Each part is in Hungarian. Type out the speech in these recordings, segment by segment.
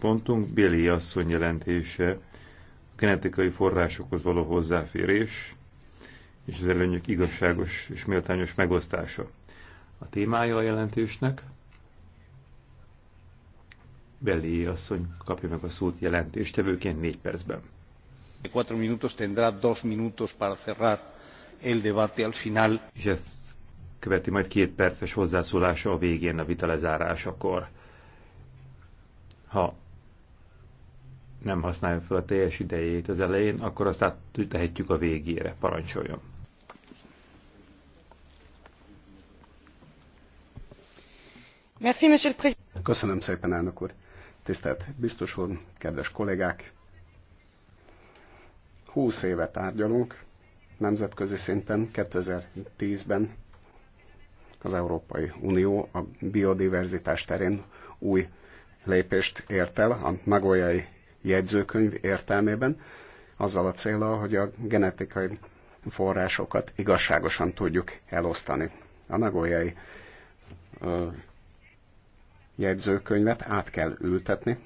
pontunk Béli asszony jelentése, a genetikai forrásokhoz való hozzáférés és az előnyök igazságos és méltányos megosztása. A témája a jelentésnek Beli asszony kapja meg a szót jelentéstevőként négy percben. Cuatro minutos tendrá dos minutos para cerrar el debate al final. És ezt követi majd két perces hozzászólása a végén a vita lezárásakor ha nem használja fel a teljes idejét az elején, akkor azt áttehetjük a végére. Parancsoljon! Köszönöm szépen, elnök úr! Tisztelt biztos úr, kedves kollégák! Húsz éve tárgyalunk nemzetközi szinten 2010-ben az Európai Unió a biodiverzitás terén új lépést ért el a Nagoyai jegyzőkönyv értelmében, azzal a célra, hogy a genetikai forrásokat igazságosan tudjuk elosztani. A Nagoyai jegyzőkönyvet át kell ültetni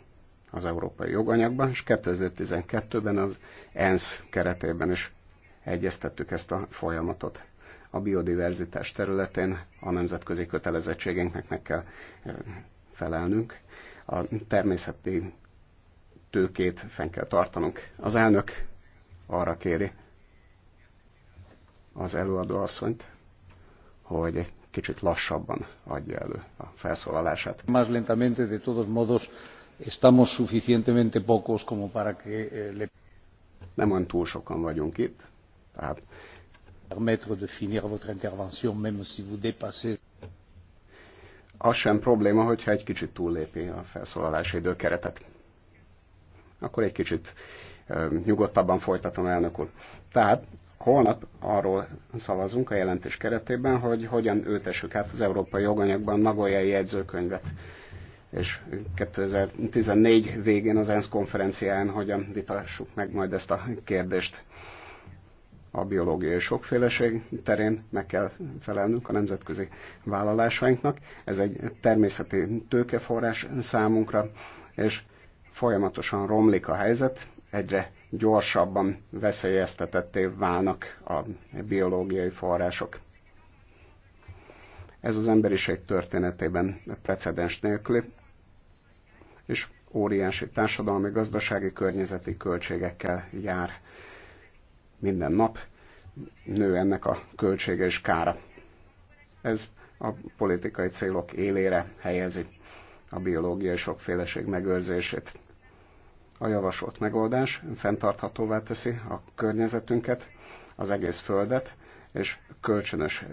az európai joganyagban, és 2012-ben az ENSZ keretében is egyeztettük ezt a folyamatot. A biodiverzitás területén a nemzetközi kötelezettségeinknek meg kell felelnünk a természeti tőkét fenn kell tartanunk. Az elnök arra kéri az előadó asszonyt, hogy egy kicsit lassabban adja elő a felszólalását. Más lentamente, de todos modos, estamos suficientemente pocos como para que eh, le... Nem olyan túl sokan vagyunk itt, tehát... Permettre de finir votre intervention, même si vous dépassez az sem probléma, hogyha egy kicsit túllépi a felszólalási időkeretet. Akkor egy kicsit nyugodtabban folytatom, elnök úr. Tehát holnap arról szavazunk a jelentés keretében, hogy hogyan ültessük át az európai joganyagban Nagoyai jegyzőkönyvet és 2014 végén az ENSZ konferencián hogyan vitassuk meg majd ezt a kérdést a biológiai sokféleség terén meg kell felelnünk a nemzetközi vállalásainknak. Ez egy természeti tőkeforrás számunkra, és folyamatosan romlik a helyzet, egyre gyorsabban veszélyeztetetté válnak a biológiai források. Ez az emberiség történetében precedens nélküli, és óriási társadalmi, gazdasági, környezeti költségekkel jár minden nap nő ennek a költsége és kára. Ez a politikai célok élére helyezi a biológiai sokféleség megőrzését. A javasolt megoldás fenntarthatóvá teszi a környezetünket, az egész Földet, és kölcsönös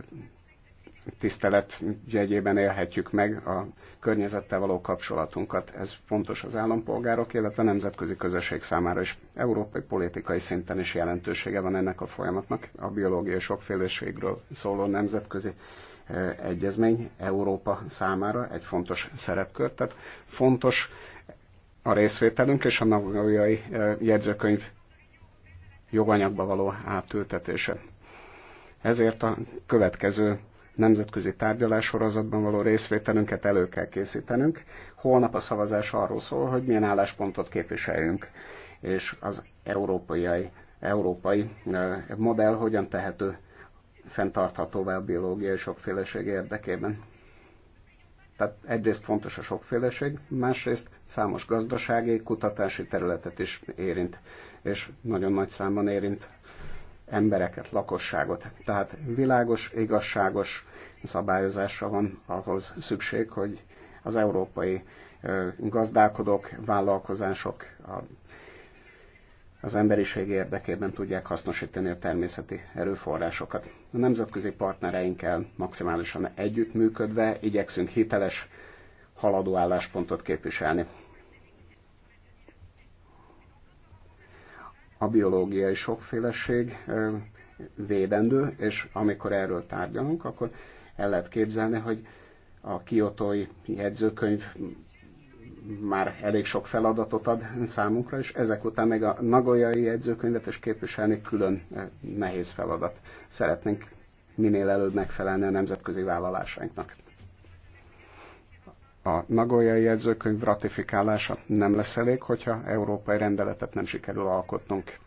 tisztelet jegyében élhetjük meg a környezettel való kapcsolatunkat. Ez fontos az állampolgárok, illetve a nemzetközi közösség számára is. Európai politikai szinten is jelentősége van ennek a folyamatnak. A biológiai sokféleségről szóló nemzetközi eh, egyezmény Európa számára egy fontos szerepkör. Tehát fontos a részvételünk és a nagyjai eh, jegyzőkönyv joganyagba való átültetése. Ezért a következő nemzetközi tárgyalássorozatban való részvételünket elő kell készítenünk. Holnap a szavazás arról szól, hogy milyen álláspontot képviseljünk, és az európai, európai modell hogyan tehető fenntarthatóvá a biológiai sokféleség érdekében. Tehát egyrészt fontos a sokféleség, másrészt számos gazdasági, kutatási területet is érint, és nagyon nagy számban érint embereket, lakosságot. Tehát világos, igazságos szabályozásra van ahhoz szükség, hogy az európai gazdálkodók, vállalkozások az emberiség érdekében tudják hasznosítani a természeti erőforrásokat. A nemzetközi partnereinkkel maximálisan együttműködve igyekszünk hiteles haladó álláspontot képviselni. a biológiai sokféleség védendő, és amikor erről tárgyalunk, akkor el lehet képzelni, hogy a kiotói jegyzőkönyv már elég sok feladatot ad számunkra, és ezek után meg a nagoyai jegyzőkönyvet is képviselni külön nehéz feladat. Szeretnénk minél előbb megfelelni a nemzetközi vállalásainknak a Nagoyai jegyzőkönyv ratifikálása nem lesz elég, hogyha európai rendeletet nem sikerül alkotnunk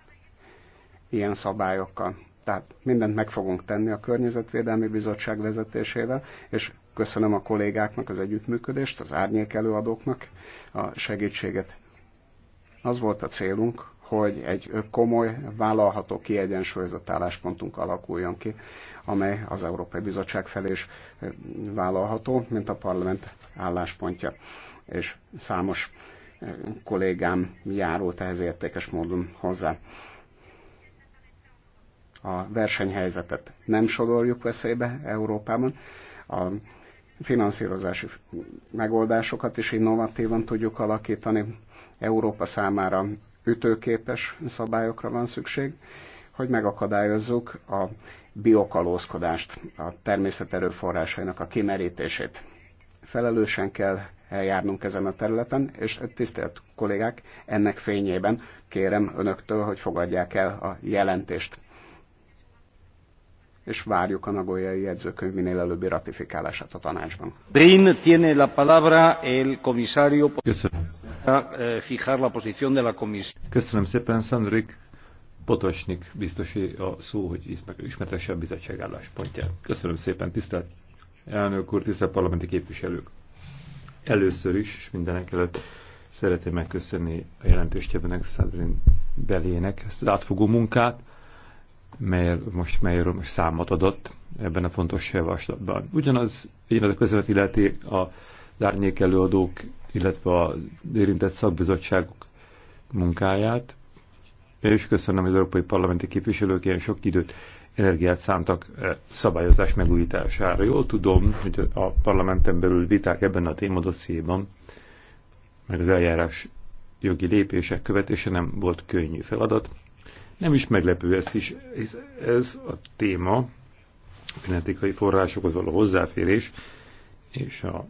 ilyen szabályokkal. Tehát mindent meg fogunk tenni a Környezetvédelmi Bizottság vezetésével, és köszönöm a kollégáknak az együttműködést, az árnyék előadóknak a segítséget. Az volt a célunk, hogy egy komoly, vállalható, kiegyensúlyozott álláspontunk alakuljon ki, amely az Európai Bizottság felé is vállalható, mint a parlament álláspontja. És számos kollégám járult ehhez értékes módon hozzá. A versenyhelyzetet nem sodorjuk veszélybe Európában. A finanszírozási megoldásokat is innovatívan tudjuk alakítani. Európa számára ütőképes szabályokra van szükség, hogy megakadályozzuk a biokalózkodást, a természet erőforrásainak a kimerítését. Felelősen kell eljárnunk ezen a területen, és tisztelt kollégák, ennek fényében kérem önöktől, hogy fogadják el a jelentést és várjuk a Nagoyai jegyzőkönyv minél előbbi ratifikálását a tanácsban. Brin tiene la palabra el comisario Köszönöm. Eh, fijar la posición de la comisión. Köszönöm szépen, Sandrik Potosnik biztosé a szó, hogy ismertesse a bizottság álláspontját. Köszönöm szépen, tisztelt elnök úr, tisztelt parlamenti képviselők. Először is mindenek előtt szeretném megköszönni a jelentéstevőnek, Szádrin Belének ezt az átfogó munkát, melyről most, melyről most számot adott ebben a fontos javaslatban. Ugyanaz ugyanaz a közövet illeti a lárnyék előadók, illetve a érintett szakbizottságok munkáját, is köszönöm az európai parlamenti képviselők ilyen sok időt, energiát szántak e, szabályozás megújítására. Jól tudom, hogy a parlamenten belül viták ebben a témadosszéban, meg az eljárás jogi lépések követése nem volt könnyű feladat, nem is meglepő ez is, ez, ez a téma, a genetikai forrásokhoz való hozzáférés, és a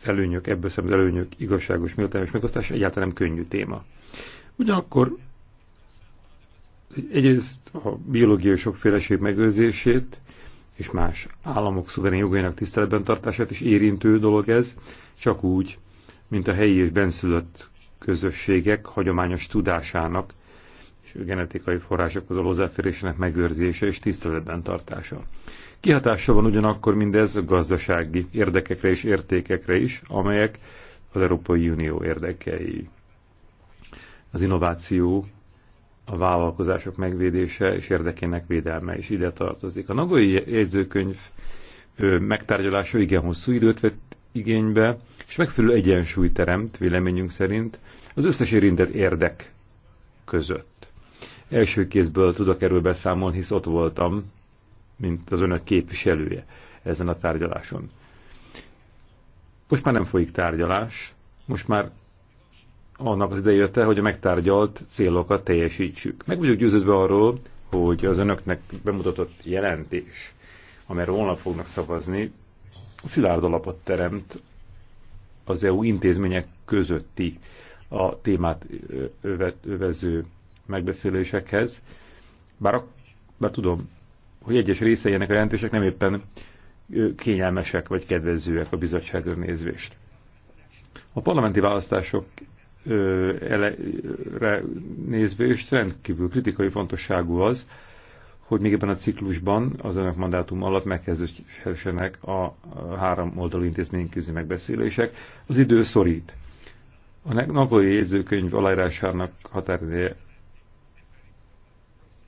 az előnyök, ebből szemben az előnyök igazságos méltányos megosztása egyáltalán nem könnyű téma. Ugyanakkor egyrészt a biológiai sokféleség megőrzését és más államok szuverén jogainak tiszteletben tartását is érintő dolog ez, csak úgy, mint a helyi és benszülött közösségek hagyományos tudásának genetikai forrásokhoz a hozzáférésének megőrzése és tiszteletben tartása. Kihatása van ugyanakkor mindez a gazdasági érdekekre és értékekre is, amelyek az Európai Unió érdekei. Az innováció, a vállalkozások megvédése és érdekének védelme is ide tartozik. A Nagoi jegyzőkönyv megtárgyalása igen hosszú időt vett igénybe, és megfelelő egyensúly teremt, véleményünk szerint, az összes érintett érdek között. Első kézből tudok erről beszámolni, hisz ott voltam, mint az önök képviselője ezen a tárgyaláson. Most már nem folyik tárgyalás, most már annak az ideje jött el, hogy a megtárgyalt célokat teljesítsük. Meg vagyok győződve arról, hogy az önöknek bemutatott jelentés, amelyre holnap fognak szavazni, szilárd alapot teremt az EU intézmények közötti a témát övet, övező megbeszélésekhez, bár, bár tudom, hogy egyes részei ennek a jelentések nem éppen kényelmesek vagy kedvezőek a bizottságra nézvést. A parlamenti választások elejére nézvést rendkívül kritikai fontosságú az, hogy még ebben a ciklusban az önök mandátum alatt megkezdődhessenek a három oldalú intézményközi megbeszélések. Az idő szorít. A Nakoi jegyzőkönyv aláírásának határideje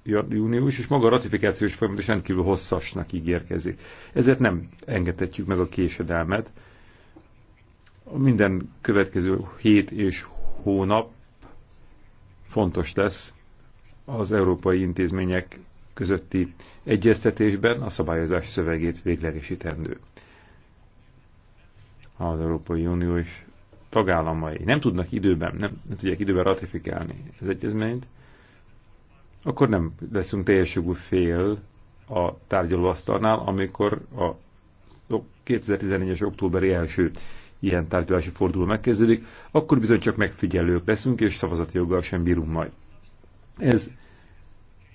június, és maga a ratifikációs folyamat is rendkívül hosszasnak ígérkezik. Ezért nem engedhetjük meg a késedelmet. Minden következő hét és hónap fontos lesz az európai intézmények közötti egyeztetésben a szabályozás szövegét véglegesítendő. Az Európai Unió és tagállamai nem tudnak időben, nem, nem tudják időben ratifikálni az egyezményt, akkor nem leszünk teljes jogú fél a tárgyalóasztalnál, amikor a 2014-es októberi első ilyen tárgyalási forduló megkezdődik, akkor bizony csak megfigyelők leszünk, és szavazati joggal sem bírunk majd. Ez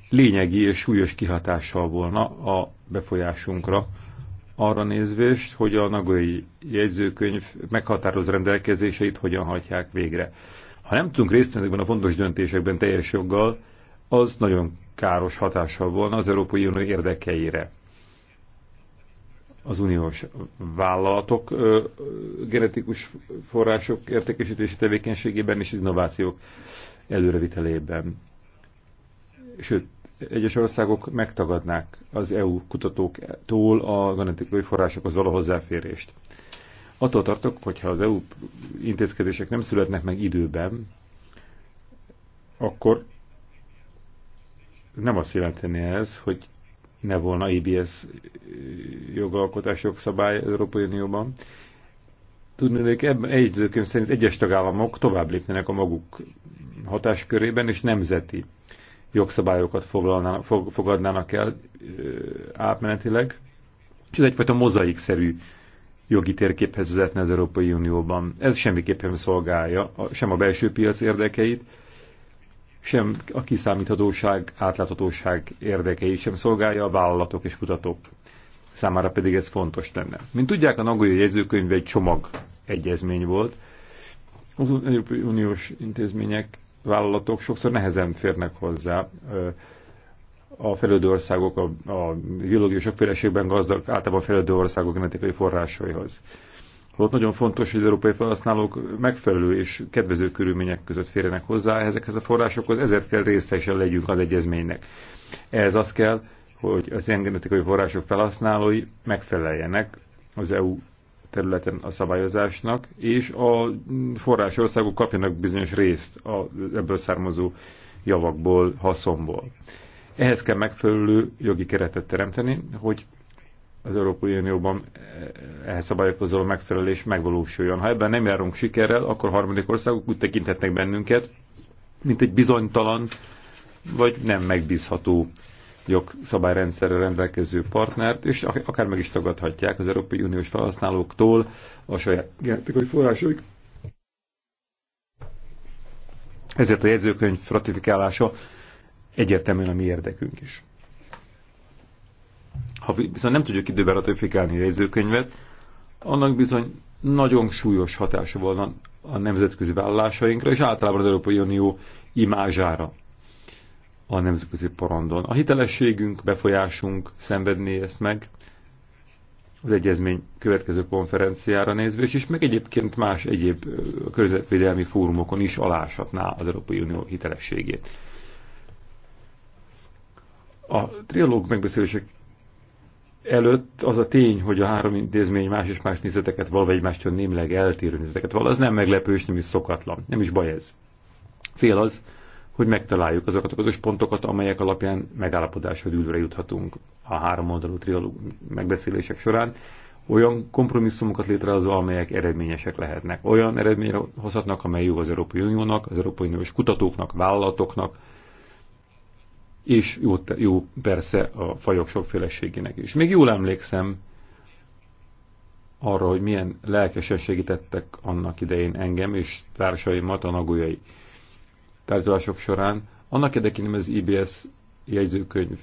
lényegi és súlyos kihatással volna a befolyásunkra, arra nézvést, hogy a nagai jegyzőkönyv meghatároz rendelkezéseit hogyan hagyják végre. Ha nem tudunk részt venni a fontos döntésekben teljes joggal, az nagyon káros hatással volna az Európai Unió érdekeire. Az uniós vállalatok ö, genetikus források értékesítési tevékenységében és innovációk előrevitelében. Sőt, egyes országok megtagadnák az EU kutatóktól a genetikai forrásokhoz való hozzáférést. Attól tartok, hogyha az EU intézkedések nem születnek meg időben, akkor nem azt jelenteni ez, hogy ne volna IBS jogalkotás jogszabály az Európai Unióban. Tudnék, ebben egyzőkönyv szerint egyes tagállamok tovább lépnének a maguk hatáskörében, és nemzeti jogszabályokat fogadnának el átmenetileg, és ez egyfajta mozaikszerű jogi térképhez vezetne az Európai Unióban. Ez semmiképpen szolgálja sem a belső piac érdekeit, sem a kiszámíthatóság, átláthatóság érdekei sem szolgálja a vállalatok és kutatók számára pedig ez fontos lenne. Mint tudják, a Nagoya jegyzőkönyv egy csomag egyezmény volt. Az Európai Uniós intézmények, vállalatok sokszor nehezen férnek hozzá a fejlődő országok, a, a biológiai sokféleségben gazdag, általában fejlődő országok genetikai forrásaihoz. Holott nagyon fontos, hogy az európai felhasználók megfelelő és kedvező körülmények között férjenek hozzá ezekhez a forrásokhoz, ezért kell részesen legyünk az egyezménynek. Ez az kell, hogy az ilyen genetikai források felhasználói megfeleljenek az EU területen a szabályozásnak, és a forrásországok kapjanak bizonyos részt a, ebből származó javakból, haszonból. Ehhez kell megfelelő jogi keretet teremteni, hogy az Európai Unióban eh, ehhez szabályozó megfelelés megvalósuljon. Ha ebben nem járunk sikerrel, akkor harmadik országok úgy tekinthetnek bennünket, mint egy bizonytalan vagy nem megbízható jogszabályrendszerre rendelkező partnert, és akár meg is tagadhatják az Európai Uniós felhasználóktól a saját genetikai forrásaik. Ezért a jegyzőkönyv ratifikálása egyértelműen a mi érdekünk is ha viszont nem tudjuk időben ratifikálni a jegyzőkönyvet, annak bizony nagyon súlyos hatása volna a nemzetközi vállalásainkra, és általában az Európai Unió imázsára a nemzetközi parandon. A hitelességünk, befolyásunk szenvedné ezt meg az egyezmény következő konferenciára nézve, és meg egyébként más egyéb körzetvédelmi fórumokon is aláshatná az Európai Unió hitelességét. A trialóg megbeszélések előtt az a tény, hogy a három intézmény más és más nézeteket val, vagy egymástól némileg eltérő nézeteket val, az nem meglepő és nem is szokatlan. Nem is baj ez. Cél az, hogy megtaláljuk azokat a közös pontokat, amelyek alapján megállapodásra ülőre juthatunk a három oldalú trialóg megbeszélések során, olyan kompromisszumokat létrehozva, amelyek eredményesek lehetnek. Olyan eredményre hozhatnak, amely jó az Európai Uniónak, az Európai Uniós kutatóknak, vállalatoknak, és jó, jó persze a fajok sokféleségének is. Még jól emlékszem arra, hogy milyen lelkesen segítettek annak idején engem és társaimat a nagójai tárgyalások során. Annak érdekében az IBS jegyzőkönyv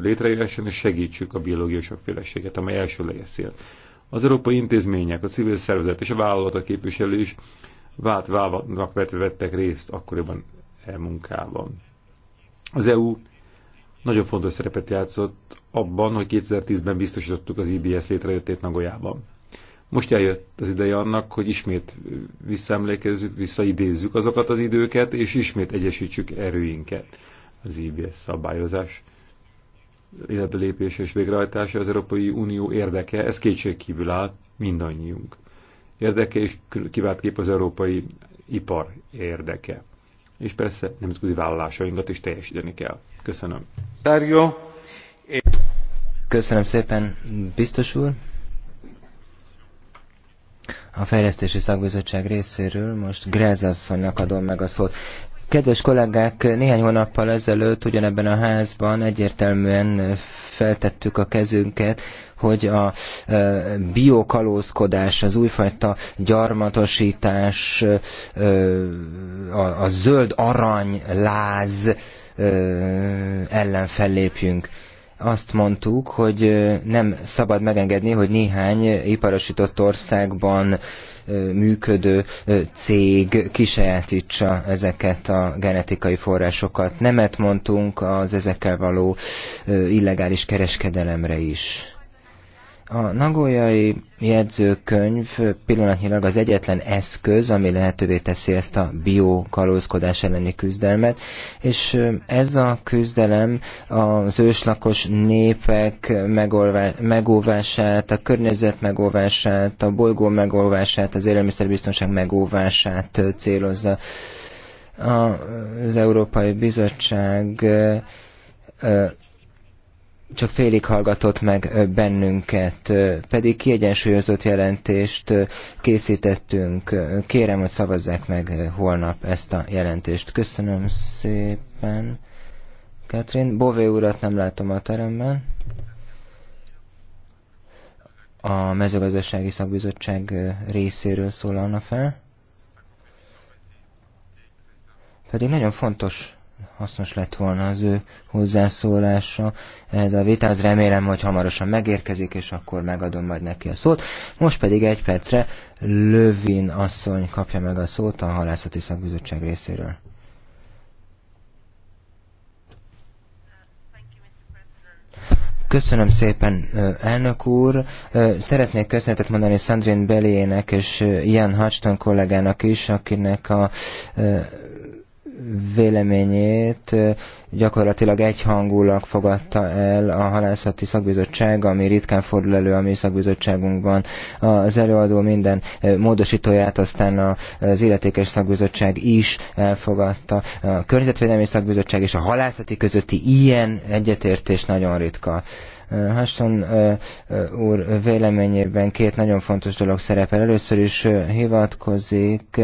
létrejöhessen, és segítsük a biológiai sokféleséget, amely első cél. Az európai intézmények, a civil szervezet és a vállalatok képviselő is vált válnak vettek részt akkoriban e munkában. Az EU nagyon fontos szerepet játszott abban, hogy 2010-ben biztosítottuk az IBS e létrejöttét Nagoyában. Most eljött az ideje annak, hogy ismét visszaemlékezzük, visszaidézzük azokat az időket, és ismét egyesítsük erőinket. Az IBS e szabályozás életbe lépése és végrehajtása az Európai Unió érdeke, ez kétségkívül áll mindannyiunk. Érdeke és kiváltképp az európai ipar érdeke és persze nemzetközi vállalásainkat is teljesíteni kell. Köszönöm. Dario. Köszönöm szépen, biztos úr. A Fejlesztési Szakbizottság részéről most Grez asszonynak adom meg a szót. Kedves kollégák, néhány hónappal ezelőtt ugyanebben a házban egyértelműen feltettük a kezünket, hogy a e, biokalózkodás, az újfajta gyarmatosítás, e, a zöld arany láz e, ellen fellépjünk azt mondtuk, hogy nem szabad megengedni, hogy néhány iparosított országban működő cég kisajátítsa ezeket a genetikai forrásokat. Nemet mondtunk az ezekkel való illegális kereskedelemre is. A nagójai jegyzőkönyv pillanatnyilag az egyetlen eszköz, ami lehetővé teszi ezt a biokalózkodás elleni küzdelmet, és ez a küzdelem az őslakos népek megóvását, a környezet megóvását, a bolygó megóvását, az élelmiszerbiztonság megóvását célozza. Az Európai Bizottság csak félig hallgatott meg bennünket, pedig kiegyensúlyozott jelentést készítettünk. Kérem, hogy szavazzák meg holnap ezt a jelentést. Köszönöm szépen, Katrin. Bové urat nem látom a teremben. A mezőgazdasági szakbizottság részéről szólalna fel. Pedig nagyon fontos hasznos lett volna az ő hozzászólása Ez a vitáz. Remélem, hogy hamarosan megérkezik, és akkor megadom majd neki a szót. Most pedig egy percre Lövin asszony kapja meg a szót a Halászati Szakbizottság részéről. Köszönöm szépen, elnök úr. Szeretnék köszönetet mondani Sandrine Beliének és Ian Hudson kollégának is, akinek a véleményét gyakorlatilag egyhangulag fogadta el a halászati szakbizottság, ami ritkán fordul elő a mi szakbizottságunkban. Az előadó minden módosítóját aztán az illetékes szakbizottság is elfogadta. A környezetvédelmi szakbizottság és a halászati közötti ilyen egyetértés nagyon ritka. Hasson úr véleményében két nagyon fontos dolog szerepel. Először is hivatkozik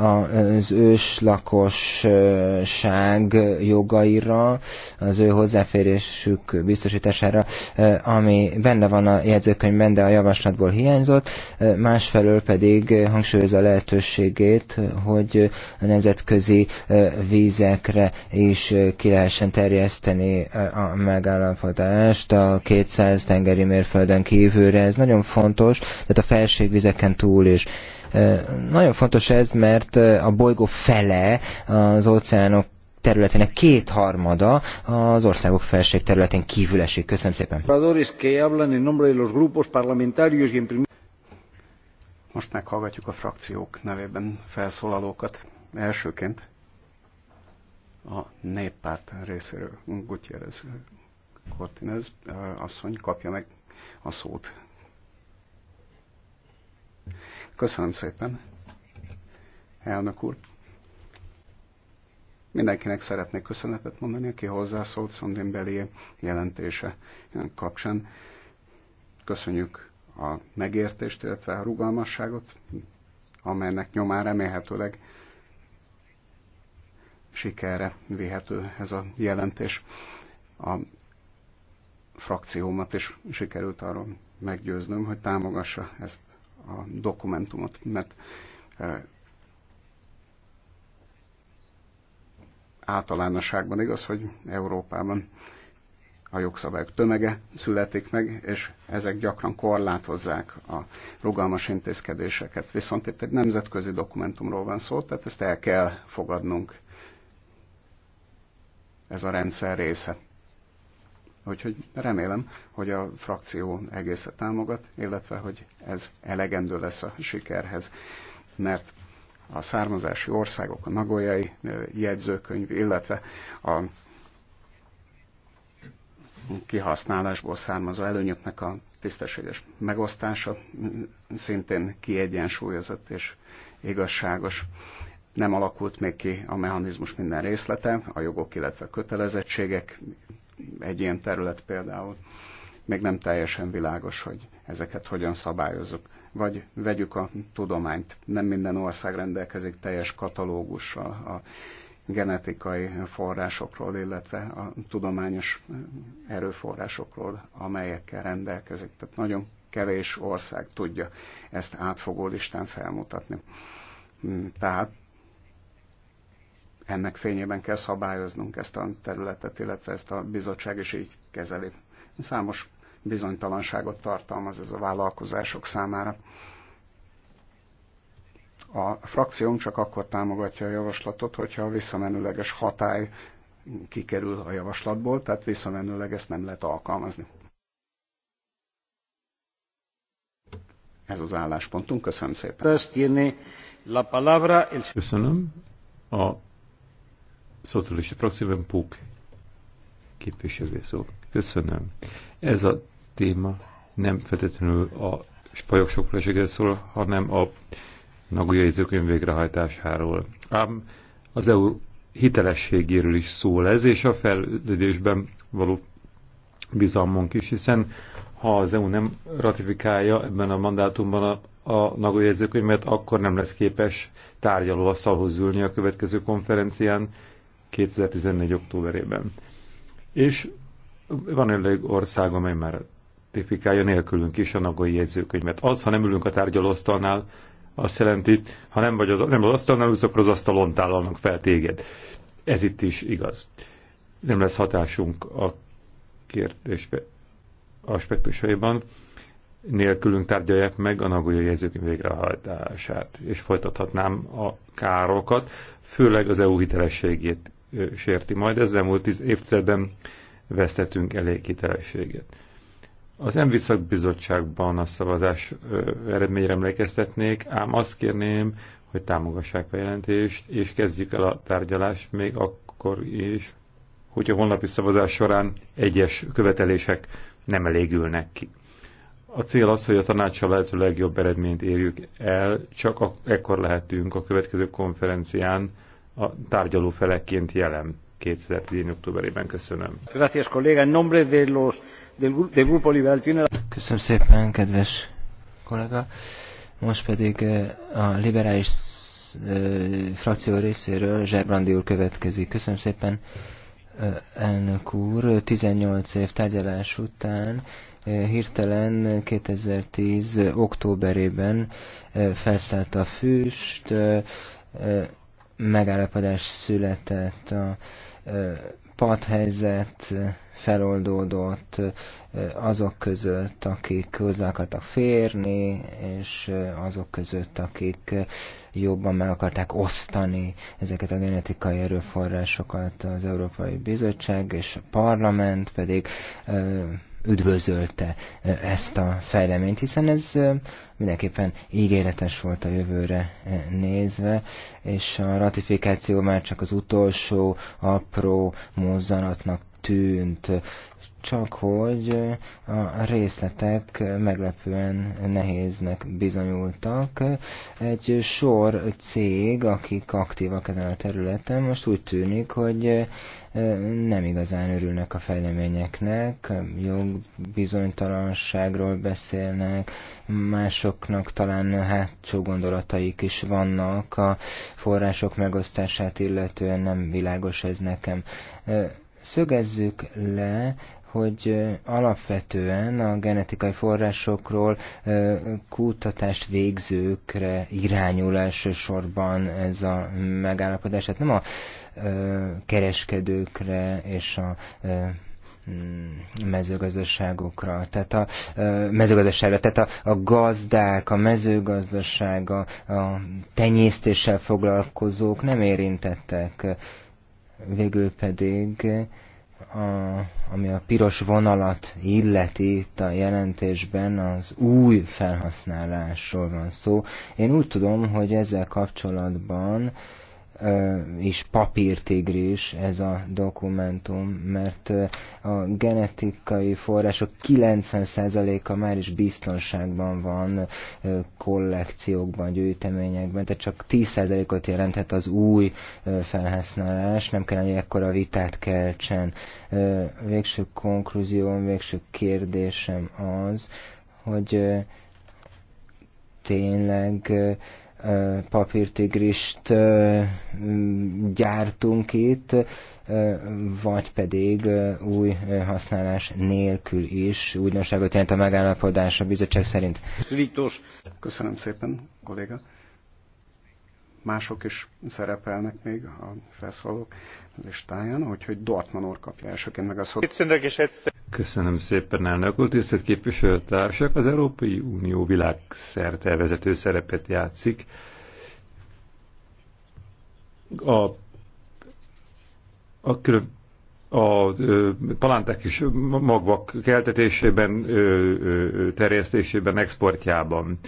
az lakosság jogaira, az ő hozzáférésük biztosítására, ami benne van a jegyzőkönyvben, de a javaslatból hiányzott, másfelől pedig hangsúlyozza a lehetőségét, hogy a nemzetközi vízekre is ki lehessen terjeszteni a megállapodást a 200 tengeri mérföldön kívülre. Ez nagyon fontos, tehát a felségvizeken túl is. Nagyon fontos ez, mert a bolygó fele az óceánok területének kétharmada az országok felség területén kívül esik. Köszönöm szépen. Most meghallgatjuk a frakciók nevében felszólalókat. Elsőként a néppárt részéről Gutierrez Cortinez asszony kapja meg a szót. Köszönöm szépen, elnök úr. Mindenkinek szeretnék köszönetet mondani, aki hozzászólt Szondrin belé jelentése kapcsán. Köszönjük a megértést, illetve a rugalmasságot, amelynek nyomán remélhetőleg sikerre vihető ez a jelentés. A frakciómat is sikerült arról meggyőznöm, hogy támogassa ezt a dokumentumot, mert e, általánosságban igaz, hogy Európában a jogszabályok tömege születik meg, és ezek gyakran korlátozzák a rugalmas intézkedéseket. Viszont itt egy nemzetközi dokumentumról van szó, tehát ezt el kell fogadnunk. Ez a rendszer része. Úgyhogy remélem, hogy a frakció egészet támogat, illetve hogy ez elegendő lesz a sikerhez, mert a származási országok, a nagoljai jegyzőkönyv, illetve a kihasználásból származó előnyöknek a tisztességes megosztása szintén kiegyensúlyozott és igazságos. Nem alakult még ki a mechanizmus minden részlete, a jogok, illetve a kötelezettségek egy ilyen terület például, még nem teljesen világos, hogy ezeket hogyan szabályozzuk. Vagy vegyük a tudományt. Nem minden ország rendelkezik teljes katalógussal a genetikai forrásokról, illetve a tudományos erőforrásokról, amelyekkel rendelkezik. Tehát nagyon kevés ország tudja ezt átfogó listán felmutatni. Hmm, tehát ennek fényében kell szabályoznunk ezt a területet, illetve ezt a bizottság is így kezeli. Számos bizonytalanságot tartalmaz ez a vállalkozások számára. A frakciónk csak akkor támogatja a javaslatot, hogyha a visszamenőleges hatály kikerül a javaslatból, tehát visszamenőleg ezt nem lehet alkalmazni. Ez az álláspontunk. Köszönöm szépen. Köszönöm. A szocialista frakcióban puk képviselő szó. Köszönöm. Ez a téma nem feltétlenül a fajok sokféleségére szól, hanem a Nagoya jegyzőkönyv végrehajtásáról. Ám az EU hitelességéről is szól ez, és a fejlődésben való bizalmunk is, hiszen ha az EU nem ratifikálja ebben a mandátumban a, a Nagoya jegyzőkönyvet, akkor nem lesz képes tárgyaló ülni a következő konferencián, 2014. októberében. És van elég ország, amely már ratifikálja nélkülünk is a nagoi jegyzőkönyvet. Az, ha nem ülünk a tárgyalóasztalnál, azt jelenti, ha nem vagy az, nem az asztalnál ülsz, akkor az asztalon tálalnak fel téged. Ez itt is igaz. Nem lesz hatásunk a kérdés aspektusaiban. Nélkülünk tárgyalják meg a Nagoya jegyzőkönyv végrehajtását, és folytathatnám a károkat, főleg az EU hitelességét sérti majd. Ezzel múlt tíz évtizedben vesztettünk elég hitelességet. Az Enviszak bizottságban a szavazás eredményre emlékeztetnék, ám azt kérném, hogy támogassák a jelentést, és kezdjük el a tárgyalást még akkor is, hogy a szavazás során egyes követelések nem elégülnek ki. A cél az, hogy a tanácsa lehető legjobb eredményt érjük el, csak ekkor lehetünk a következő konferencián, a tárgyaló feleként jelen 2010. októberében. Köszönöm. Gracias, kolléga. En nombre de los, del, del Grupo Liberal Köszönöm szépen, kedves kollega. Most pedig eh, a liberális eh, frakció részéről Zserbrandi úr következik. Köszönöm szépen, eh, elnök úr. 18 év tárgyalás után hirtelen 2010. októberében felszállt a füst, megállapodás született, a padhelyzet feloldódott azok között, akik hozzá akartak férni, és azok között, akik jobban meg akarták osztani ezeket a genetikai erőforrásokat az Európai Bizottság, és a parlament pedig üdvözölte ezt a fejleményt, hiszen ez mindenképpen ígéretes volt a jövőre nézve, és a ratifikáció már csak az utolsó apró mozzanatnak tűnt, csak hogy eh, a részletek meglepően nehéznek bizonyultak. Egy sor cég, akik aktívak ezen a területen, most úgy tűnik, hogy eh, nem igazán örülnek a fejleményeknek, jogbizonytalanságról beszélnek, másoknak talán hátsó gondolataik is vannak, a források megosztását illetően nem világos ez nekem eh, szögezzük le, hogy alapvetően a genetikai forrásokról kutatást végzőkre irányul elsősorban ez a megállapodás. Tehát nem a kereskedőkre és a mm, mezőgazdaságokra, tehát a mezőgazdaságra, tehát a, a gazdák, a mezőgazdaság, a, a tenyésztéssel foglalkozók nem érintettek, végül pedig a, ami a piros vonalat illeti itt a jelentésben, az új felhasználásról van szó. Én úgy tudom, hogy ezzel kapcsolatban és papírtigris ez a dokumentum, mert a genetikai források 90%-a már is biztonságban van kollekciókban, gyűjteményekben, tehát csak 10%-ot jelenthet az új felhasználás, nem kell, hogy ekkora vitát keltsen. Végső konklúzióm, végső kérdésem az, hogy tényleg papírtigrist gyártunk itt, vagy pedig új használás nélkül is újdonságot jelent a megállapodás a bizottság szerint. Köszönöm szépen, kolléga mások is szerepelnek még a felszólalók listáján, úgyhogy Dortmund úr kapja elsőként meg a szót. Köszönöm szépen, elnök úr, tisztelt képviselőtársak! Az Európai Unió világszerte vezető szerepet játszik. A, a külön a ö, palánták is magvak keltetésében, ö, ö, terjesztésében, exportjában.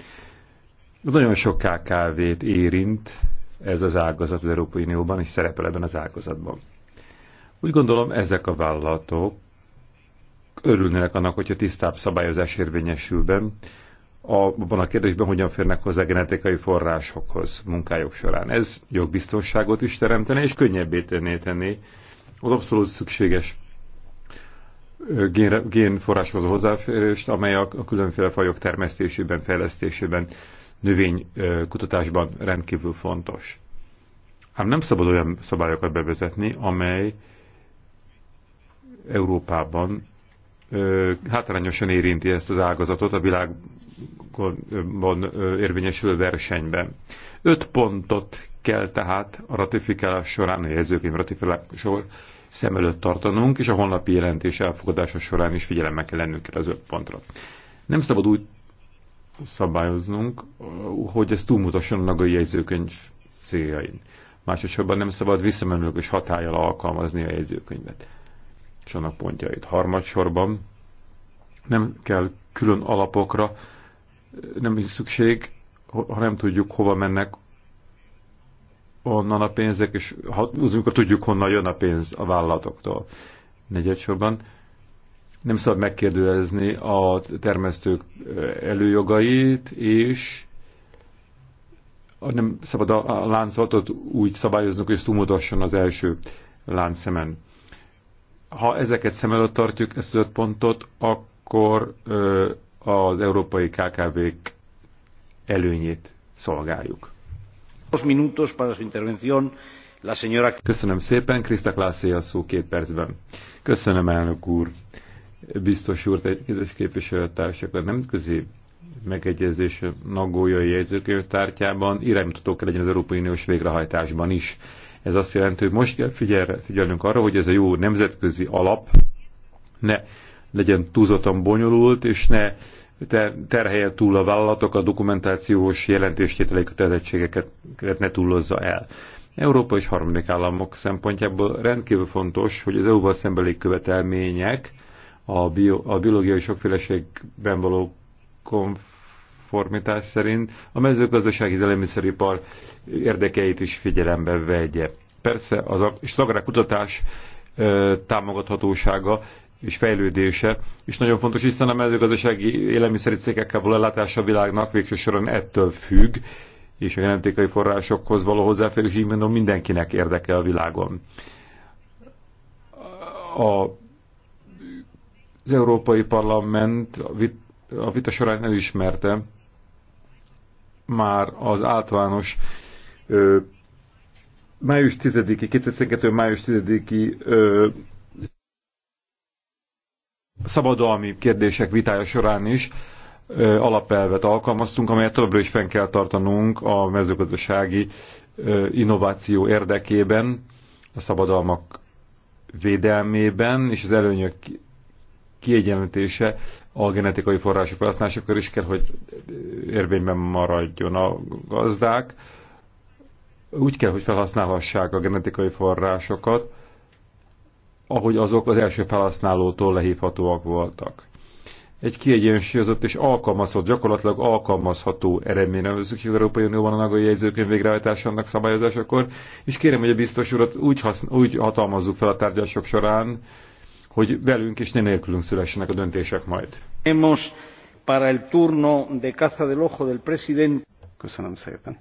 Nagyon sok KKV-t érint ez az ágazat az Európai Unióban, és szerepel ebben az ágazatban. Úgy gondolom, ezek a vállalatok örülnének annak, hogyha tisztább szabályozás érvényesül be, abban a kérdésben, hogyan férnek hozzá genetikai forrásokhoz munkájuk során. Ez jogbiztonságot is teremtene, és könnyebbé tenné tenni az abszolút szükséges génforráshoz hozzáférést, amely a különféle fajok termesztésében, fejlesztésében növénykutatásban rendkívül fontos. Ám nem szabad olyan szabályokat bevezetni, amely Európában hátrányosan érinti ezt az ágazatot a világban érvényesülő versenyben. Öt pontot kell tehát a ratifikálás során, a jegyzőkönyv ratifikálás során szem előtt tartanunk, és a honlapi jelentés elfogadása során is figyelemmel kell lennünk el az öt pontra. Nem szabad úgy szabályoznunk, hogy ez túlmutasson a jegyzőkönyv céljain. Másodszorban nem szabad és hatállal alkalmazni a jegyzőkönyvet és annak pontjait. Harmadsorban nem kell külön alapokra, nem is szükség, ha nem tudjuk, hova mennek onnan a pénzek, és ha, tudjuk, honnan jön a pénz a vállalatoktól. Negyedsorban nem szabad megkérdőjelezni a termesztők előjogait, és nem szabad a láncolatot úgy szabályoznunk, hogy túlmutasson az első láncszemen. Ha ezeket szem előtt tartjuk, ezt az öt pontot, akkor az európai KKV-k előnyét szolgáljuk. Köszönöm szépen, Krista Klászé a szó két percben. Köszönöm, elnök úr biztos úr, kedves képviselőtársak, a nemzetközi megegyezés nagójai jegyzőkönyv tártyában iránymutató kell legyen az Európai Uniós végrehajtásban is. Ez azt jelenti, hogy most figyel, figyelünk arra, hogy ez a jó nemzetközi alap ne legyen túlzottan bonyolult, és ne terhelje túl a vállalatok a dokumentációs jelentéstételi kötelezettségeket ne túlozza el. Európa és harmadik államok szempontjából rendkívül fontos, hogy az EU-val szembeli követelmények a, bio, a biológiai sokféleségben való konformitás szerint a mezőgazdasági élelmiszeripar érdekeit is figyelembe vegye. Persze az a kutatás támogathatósága és fejlődése, és nagyon fontos, hiszen a mezőgazdasági élelmiszeri cégekkel való ellátása a világnak végső soron ettől függ, és a genetikai forrásokhoz való hozzáférés így mondom mindenkinek érdeke a világon. A az Európai Parlament a, vit, a vita során elismerte már az általános ö, május 10-i, 2012. május 10-i szabadalmi kérdések vitája során is ö, alapelvet alkalmaztunk, amelyet továbbra is fenn kell tartanunk a mezőgazdasági ö, innováció érdekében, a szabadalmak védelmében és az előnyök kiegyenlítése a genetikai források felhasználásakor is kell, hogy érvényben maradjon a gazdák. Úgy kell, hogy felhasználhassák a genetikai forrásokat, ahogy azok az első felhasználótól lehívhatóak voltak. Egy kiegyensúlyozott és alkalmazott, gyakorlatilag alkalmazható eredményre az szükség az Európai Unióban a nagai jegyzőkönyv végrehajtásának szabályozásakor, és kérem, hogy a biztos urat úgy, haszn- úgy hatalmazzuk fel a tárgyalások során, hogy velünk és ne nélkülünk szülessenek a döntések majd. Köszönöm szépen.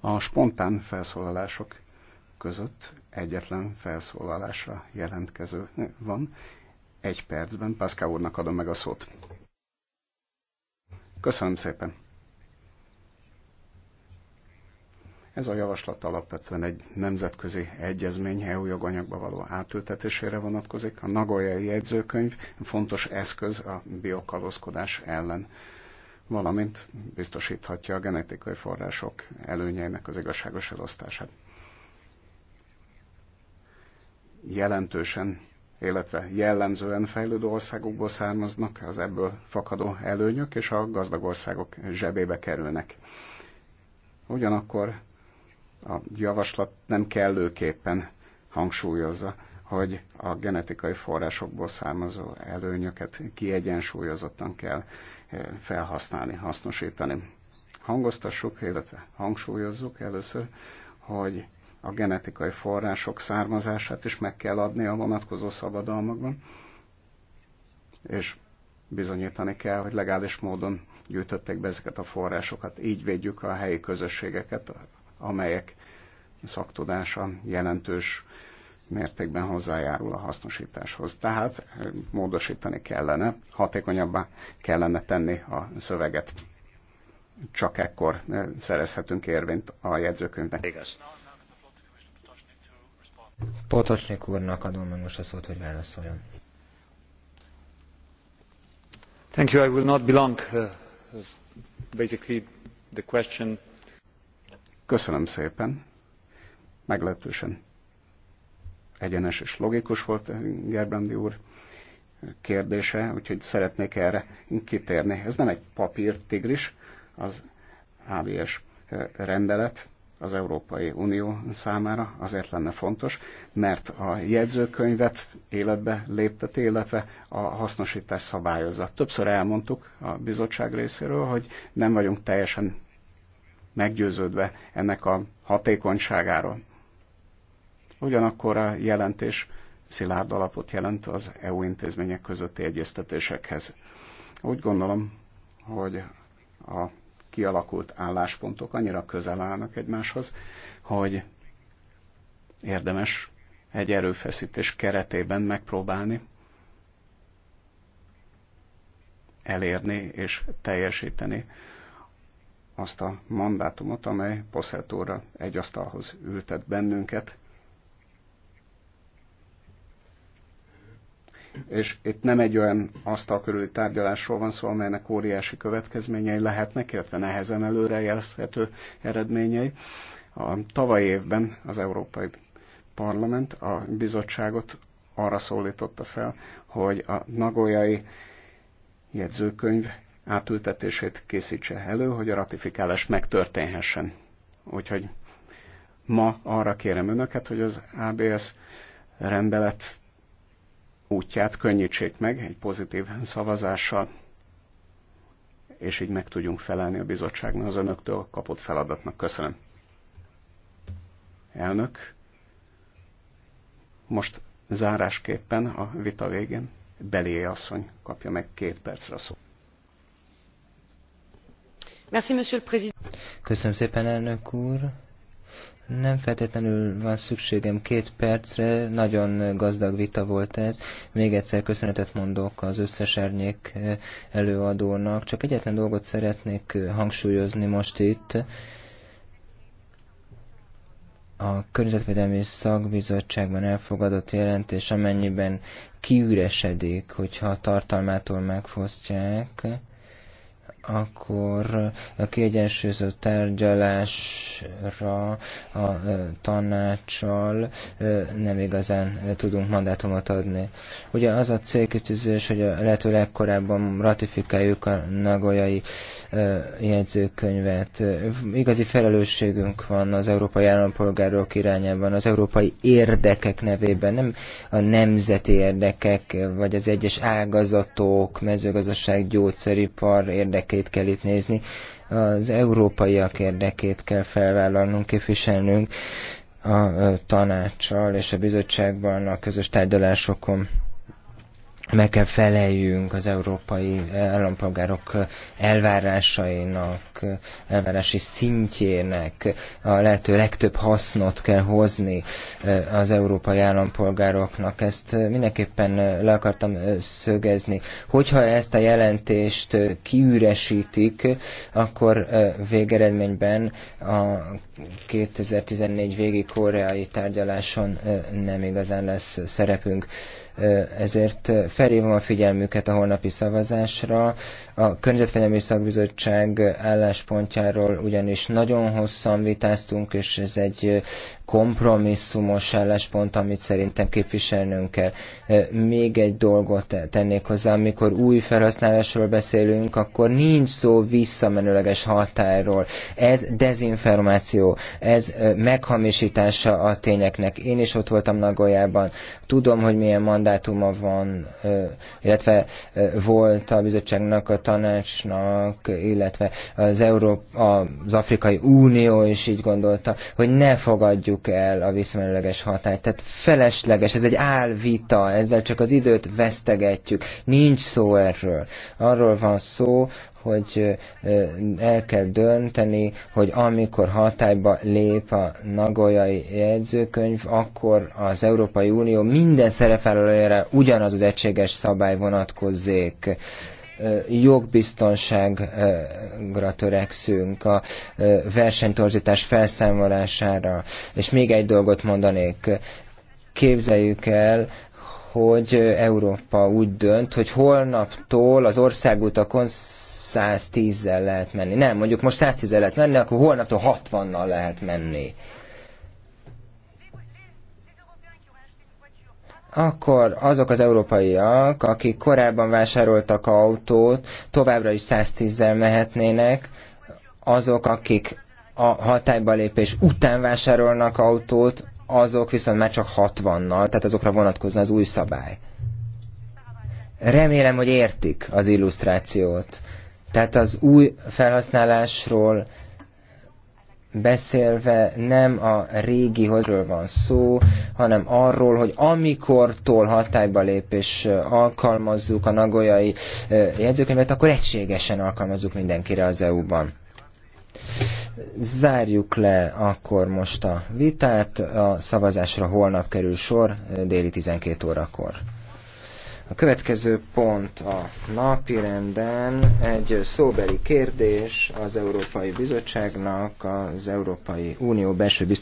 A spontán felszólalások között egyetlen felszólalásra jelentkező van. Egy percben Pászká úrnak adom meg a szót. Köszönöm szépen. Ez a javaslat alapvetően egy nemzetközi egyezmény EU joganyagba való átültetésére vonatkozik. A Nagoyai jegyzőkönyv fontos eszköz a biokalózkodás ellen valamint biztosíthatja a genetikai források előnyeinek az igazságos elosztását. Jelentősen, illetve jellemzően fejlődő országokból származnak az ebből fakadó előnyök, és a gazdag országok zsebébe kerülnek. Ugyanakkor a javaslat nem kellőképpen hangsúlyozza, hogy a genetikai forrásokból származó előnyöket kiegyensúlyozottan kell eh, felhasználni, hasznosítani. Hangoztassuk, illetve hangsúlyozzuk először, hogy a genetikai források származását is meg kell adni a vonatkozó szabadalmakban, és bizonyítani kell, hogy legális módon gyűjtötték be ezeket a forrásokat. Így védjük a helyi közösségeket amelyek szaktudása jelentős mértékben hozzájárul a hasznosításhoz. Tehát eh, módosítani kellene, hatékonyabbá kellene tenni a szöveget. Csak ekkor eh, szerezhetünk érvényt a jegyzőkönyvnek. Igaz. Potocsnik úrnak adom meg most a szót, hogy válaszoljon. Thank you. I will not belong uh, basically the question Köszönöm szépen. Meglehetősen egyenes és logikus volt Gerbrandi úr kérdése, úgyhogy szeretnék erre kitérni. Ez nem egy papírtigris, az ABS eh, rendelet az Európai Unió számára azért lenne fontos, mert a jegyzőkönyvet életbe lépteti, illetve a hasznosítás szabályozza. Többször elmondtuk a bizottság részéről, hogy nem vagyunk teljesen meggyőződve ennek a hatékonyságáról. Ugyanakkor a jelentés szilárd alapot jelent az EU intézmények közötti egyeztetésekhez. Úgy gondolom, hogy a kialakult álláspontok annyira közel állnak egymáshoz, hogy érdemes egy erőfeszítés keretében megpróbálni elérni és teljesíteni azt a mandátumot, amely Poszeltóra egy asztalhoz ültet bennünket. És itt nem egy olyan asztal körüli tárgyalásról van szó, amelynek óriási következményei lehetnek, illetve nehezen előrejelzhető eredményei. A tavaly évben az Európai Parlament a bizottságot arra szólította fel, hogy a nagolyai jegyzőkönyv átültetését készítse elő, hogy a ratifikálás megtörténhessen. Úgyhogy ma arra kérem önöket, hogy az ABS rendelet útját könnyítsék meg egy pozitív szavazással, és így meg tudjunk felelni a bizottságnak az önöktől kapott feladatnak. Köszönöm. Elnök, most zárásképpen a vita végén Belé asszony kapja meg két percre szót. Köszönöm szépen, elnök úr. Nem feltétlenül van szükségem két percre, nagyon gazdag vita volt ez. Még egyszer köszönetet mondok az összes árnyék előadónak. Csak egyetlen dolgot szeretnék hangsúlyozni most itt. A Környezetvédelmi Szakbizottságban elfogadott jelentés, amennyiben kiüresedik, hogyha a tartalmától megfosztják, akkor a kiegyensúlyozó tárgyalásra a tanácsal nem igazán tudunk mandátumot adni. Ugye az a célkütőzés, hogy a lehető legkorábban ratifikáljuk a nagolyai jegyzőkönyvet. Igazi felelősségünk van az európai állampolgárok irányában, az európai érdekek nevében, nem a nemzeti érdekek, vagy az egyes ágazatok, mezőgazdaság, gyógyszeripar érdeke érdekét kell itt nézni, az európaiak érdekét kell felvállalnunk, képviselnünk a tanácssal és a bizottságban a közös tárgyalásokon meg kell feleljünk az európai állampolgárok elvárásainak, elvárási szintjének, a lehető legtöbb hasznot kell hozni az európai állampolgároknak. Ezt mindenképpen le akartam szögezni. Hogyha ezt a jelentést kiüresítik, akkor végeredményben a 2014 végi koreai tárgyaláson nem igazán lesz szerepünk ezért felhívom a figyelmüket a holnapi szavazásra. A Környezetvédelmi Szakbizottság álláspontjáról ugyanis nagyon hosszan vitáztunk, és ez egy kompromisszumos álláspont, amit szerintem képviselnünk kell. Még egy dolgot tennék hozzá, amikor új felhasználásról beszélünk, akkor nincs szó visszamenőleges határról. Ez dezinformáció, ez meghamisítása a tényeknek. Én is ott voltam Nagoyában, tudom, hogy milyen mandátuma van, illetve volt a bizottságnak a tanácsnak, illetve az, Európa, az Afrikai Unió is így gondolta, hogy ne fogadjuk el a viszonylages hatályt. Tehát felesleges, ez egy álvita, ezzel csak az időt vesztegetjük. Nincs szó erről. Arról van szó, hogy el kell dönteni, hogy amikor hatályba lép a Nagoyai jegyzőkönyv, akkor az Európai Unió minden szerepelőjére ugyanaz az egységes szabály vonatkozzék. Eh, jogbiztonságra törekszünk, a eh, versenytorzítás felszámolására. És még egy dolgot mondanék. Képzeljük el, hogy Európa úgy dönt, hogy holnaptól az országutakon 110-zel lehet menni. Nem, mondjuk most 110-zel lehet menni, akkor holnaptól 60-nal lehet menni. akkor azok az európaiak, akik korábban vásároltak autót, továbbra is 110-zel mehetnének, azok, akik a hatályba lépés után vásárolnak autót, azok viszont már csak 60-nal, tehát azokra vonatkozna az új szabály. Remélem, hogy értik az illusztrációt. Tehát az új felhasználásról beszélve nem a régi hozról van szó, hanem arról, hogy amikortól hatályba lép és alkalmazzuk a nagolyai jegyzőkönyvet, akkor egységesen alkalmazzuk mindenkire az EU-ban. Zárjuk le akkor most a vitát, a szavazásra holnap kerül sor déli 12 órakor. A következő pont a napirenden egy szóbeli kérdés az Európai Bizottságnak az Európai Unió belső biztonságnak.